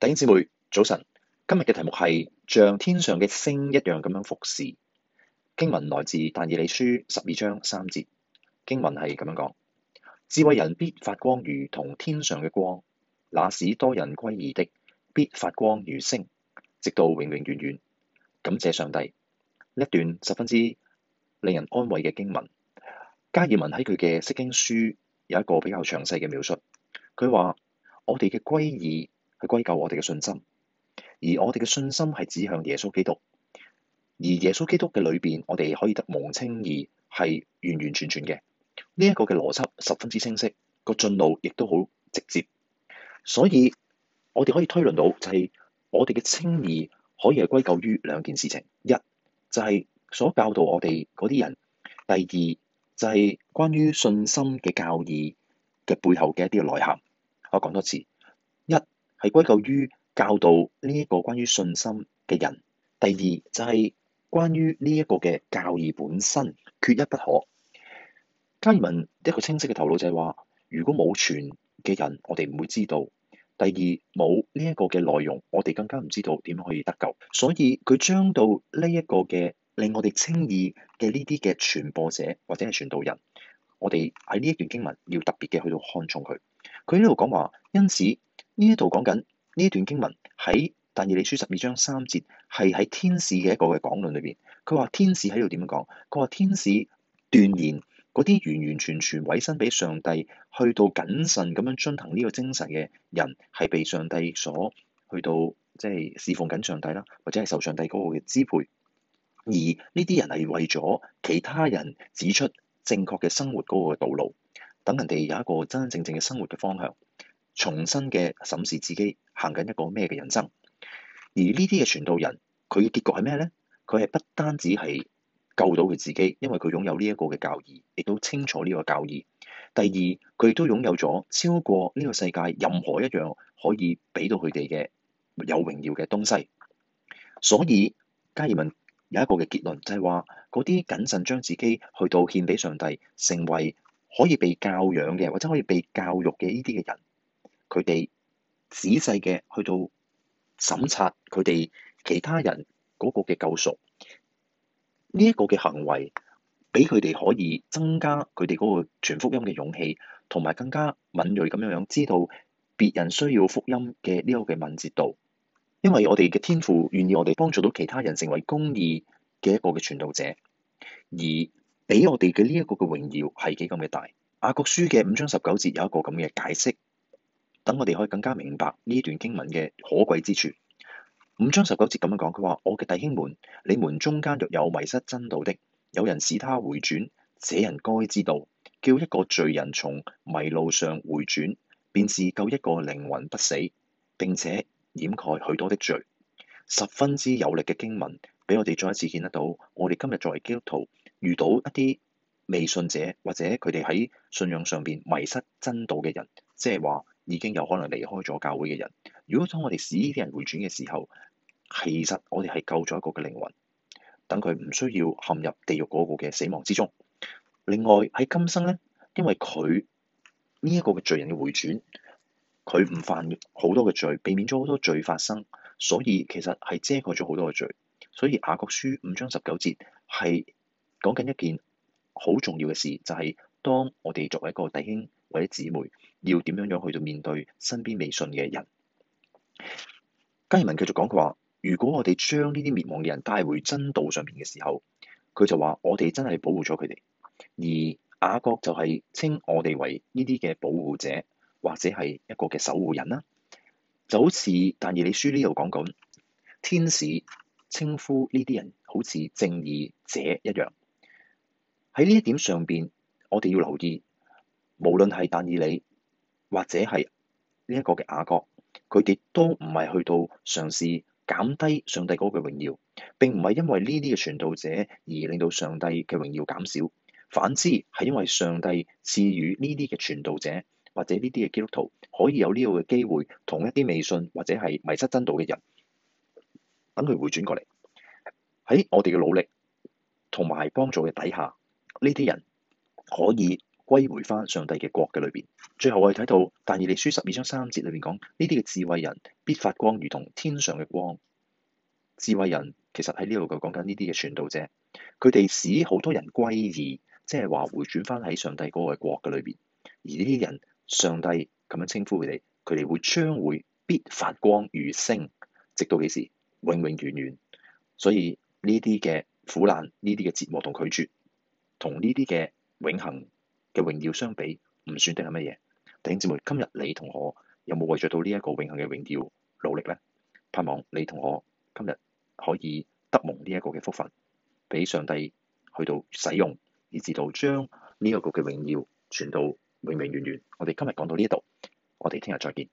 弟兄姊妹，早晨。今日嘅題目係像天上嘅星一樣咁樣服侍。經文來自《但以理書》十二章三節。經文係咁樣講：智慧人必發光，如同天上嘅光。那使多人歸義的，必發光如星，直到永永遠遠。感謝上帝，一段十分之令人安慰嘅經文。加爾文喺佢嘅釋經書有一個比較詳細嘅描述。佢話：我哋嘅歸義。去歸咎我哋嘅信心，而我哋嘅信心係指向耶穌基督，而耶穌基督嘅裏邊，我哋可以得蒙稱義，係完完全全嘅。呢、這、一個嘅邏輯十分之清晰，個進路亦都好直接。所以，我哋可以推論到就係我哋嘅稱義可以係歸咎於兩件事情：一就係、是、所教導我哋嗰啲人；第二就係、是、關於信心嘅教義嘅背後嘅一啲內涵。我講多次。係歸咎於教導呢一個關於信心嘅人。第二就係、是、關於呢一個嘅教義本身，缺一不可。加爾文一個清晰嘅頭腦就係話：如果冇傳嘅人，我哋唔會知道；第二冇呢一個嘅內容，我哋更加唔知道點樣可以得救。所以佢將到呢一個嘅令我哋稱義嘅呢啲嘅傳播者或者係傳道人，我哋喺呢一段經文要特別嘅去到看重佢。佢呢度講話，因此。呢一度講緊呢一段經文喺但以理書十二章三節，係喺天使嘅一個嘅講論裏邊。佢話天使喺度點樣講？佢話天使斷言嗰啲完完全全委身俾上帝，去到謹慎咁樣遵行呢個精神嘅人，係被上帝所去到，即、就、係、是、侍奉緊上帝啦，或者係受上帝嗰個嘅支配。而呢啲人係為咗其他人指出正確嘅生活嗰個道路，等人哋有一個真真正正嘅生活嘅方向。重新嘅審視自己行緊一個咩嘅人生，而呢啲嘅傳道人佢嘅結局係咩咧？佢係不單止係救到佢自己，因為佢擁有呢一個嘅教義，亦都清楚呢個教義，第二，佢亦都擁有咗超過呢個世界任何一樣可以俾到佢哋嘅有榮耀嘅東西。所以加爾文有一個嘅結論就係話嗰啲謹慎將自己去到獻俾上帝，成為可以被教養嘅或者可以被教育嘅呢啲嘅人。佢哋仔細嘅去到審察佢哋其他人嗰個嘅救贖，呢一個嘅行為俾佢哋可以增加佢哋嗰個傳福音嘅勇氣，同埋更加敏銳咁樣樣知道別人需要福音嘅呢個嘅敏捷度。因為我哋嘅天父願意我哋幫助到其他人成為公義嘅一個嘅傳道者，而俾我哋嘅呢一個嘅榮耀係幾咁嘅大。雅各書嘅五章十九節有一個咁嘅解釋。等我哋可以更加明白呢段經文嘅可貴之處。五章十九節咁樣講，佢話：我嘅弟兄們，你們中間若有迷失真道的，有人使他回轉，這人該知道，叫一個罪人從迷路上回轉，便是救一個靈魂不死，並且掩蓋許多的罪。十分之有力嘅經文，俾我哋再一次見得到。我哋今日作為基督徒遇到一啲未信者，或者佢哋喺信仰上面迷失真道嘅人，即係話。已經有可能離開咗教會嘅人，如果當我哋使呢啲人回轉嘅時候，其實我哋係救咗一個嘅靈魂，等佢唔需要陷入地獄嗰個嘅死亡之中。另外喺今生咧，因為佢呢一個嘅罪人嘅回轉，佢唔犯好多嘅罪，避免咗好多罪發生，所以其實係遮蓋咗好多嘅罪。所以雅各書五章十九節係講緊一件好重要嘅事，就係、是、當我哋作為一個弟兄或者姊妹。要點樣樣去到面對身邊未信嘅人？加爾文繼續講，佢話：如果我哋將呢啲滅亡嘅人帶回真道上面嘅時候，佢就話我哋真係保護咗佢哋，而雅各就係稱我哋為呢啲嘅保護者，或者係一個嘅守護人啦。就好似但以理書呢度講咁，天使稱呼呢啲人好似正義者一樣。喺呢一點上邊，我哋要留意，無論係但以理。或者係呢一個嘅雅各，佢哋都唔係去到嘗試減低上帝嗰個嘅榮耀，並唔係因為呢啲嘅傳道者而令到上帝嘅榮耀減少，反之係因為上帝賜予呢啲嘅傳道者或者呢啲嘅基督徒，可以有呢個嘅機會，同一啲未信或者係迷失真道嘅人，等佢回轉過嚟，喺我哋嘅努力同埋幫助嘅底下，呢啲人可以。歸回翻上帝嘅國嘅裏邊，最後我哋睇到但以理書十二章三節裏邊講呢啲嘅智慧人必發光，如同天上嘅光。智慧人其實喺呢度就講緊呢啲嘅傳道啫。佢哋使好多人歸義，即係話回轉翻喺上帝嗰個國嘅裏邊。而呢啲人，上帝咁樣稱呼佢哋，佢哋會將會必發光如星，直到幾時？永永遠遠。所以呢啲嘅苦難、呢啲嘅折磨同拒絕，同呢啲嘅永恆嘅榮耀相比，唔算得係乜嘢？弟兄姊妹，今日你同我有冇為咗到呢一個永恆嘅榮耀努力咧？盼望你同我今日可以得蒙呢一個嘅福分，俾上帝去到使用，以至到將呢一個嘅榮耀傳到永永遠遠。我哋今日講到呢一度，我哋聽日再見。